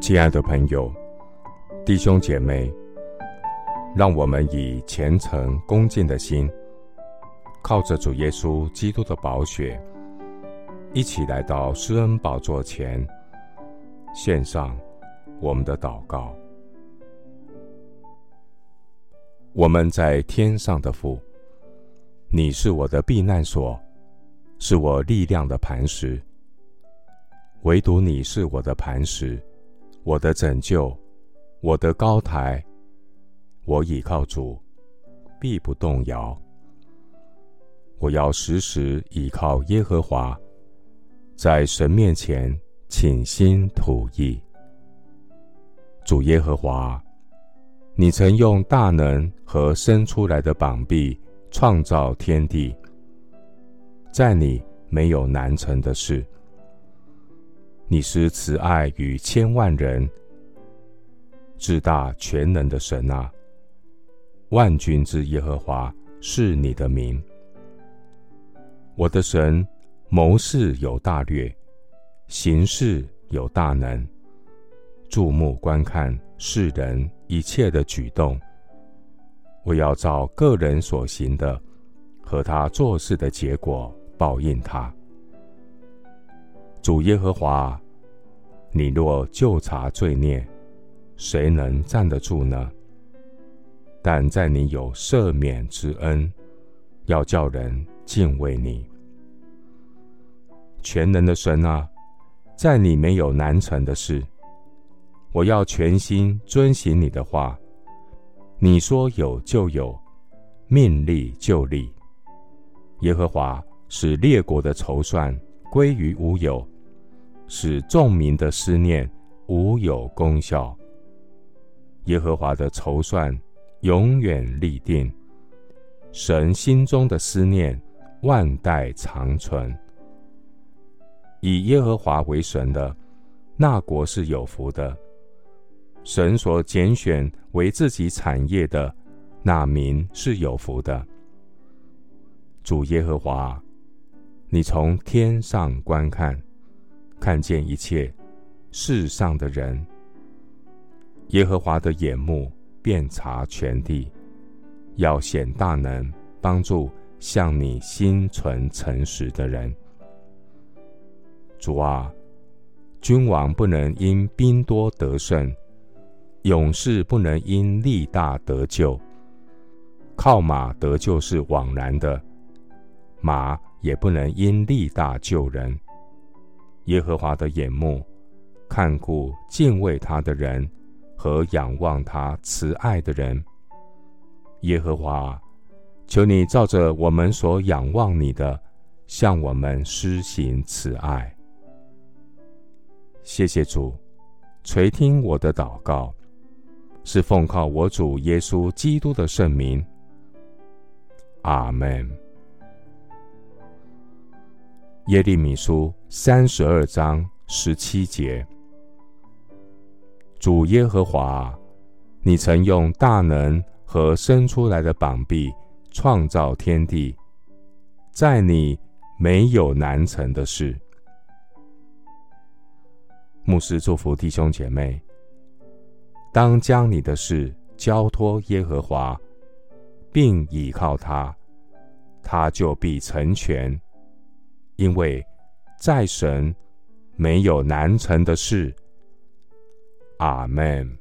親愛的朋友、弟兄姐妹，讓我們以虔誠恭敬的心，靠着主耶穌基督的寶血，一起來到施恩寶座前，獻上我們的禱告。我們在天上的父，你是我的避難所，是我力量的磐石，唯獨你是我的磐石。我的拯救，我的高台，我倚靠主，必不動搖。我要時時倚靠耶和華，在神面前傾心吐意。主耶和華，你曾用大能和伸出來的膀臂創造天地，在你沒有難成的事。你是慈愛與千萬人至大全能的神啊！萬軍之耶和華是你的名。我的神，謀事有大略，行事有大能，注目觀看世人一切的舉動。我要照各人所行的，和他做事的結果報應他。主耶和華，你若就察罪孽，誰能站得住呢？但在你有赦免之恩，要叫人敬畏你。全能的神啊，在你沒有難成的事。我要全心遵行你的話，你說有就有，命立就立。耶和華使列國的籌算歸於無有，使眾民的思念無有功效，耶和華的籌算永遠立定，神心中的思念萬代長存。以耶和華為神的那國是有福的，神所揀選為自己產業的那民是有福的。主耶和華，你從天上觀看。看見一切世上的人，耶和華的眼目遍察全地，要顯大能，幫助向你心存誠實的人。主啊，君王不能因兵多得勝，勇士不能因力大得救，靠馬得救是枉然的，馬也不能因力大救人。耶和華的眼目，看顧敬畏他的人，和仰望他慈愛的人。耶和華，求你照着我們所仰望你的，向我們施行慈愛。謝謝主，垂聽我的禱告，是奉靠我主耶穌基督的聖名。阿門。耶利米書三十二章十七節：主耶和華，你曾用大能和伸出來的膀臂創造天地，在你沒有難成的事。牧師祝福弟兄姐妹：當將你的事交托耶和華，並倚靠他，他就必成全。因為，在神沒有難成的事。阿們。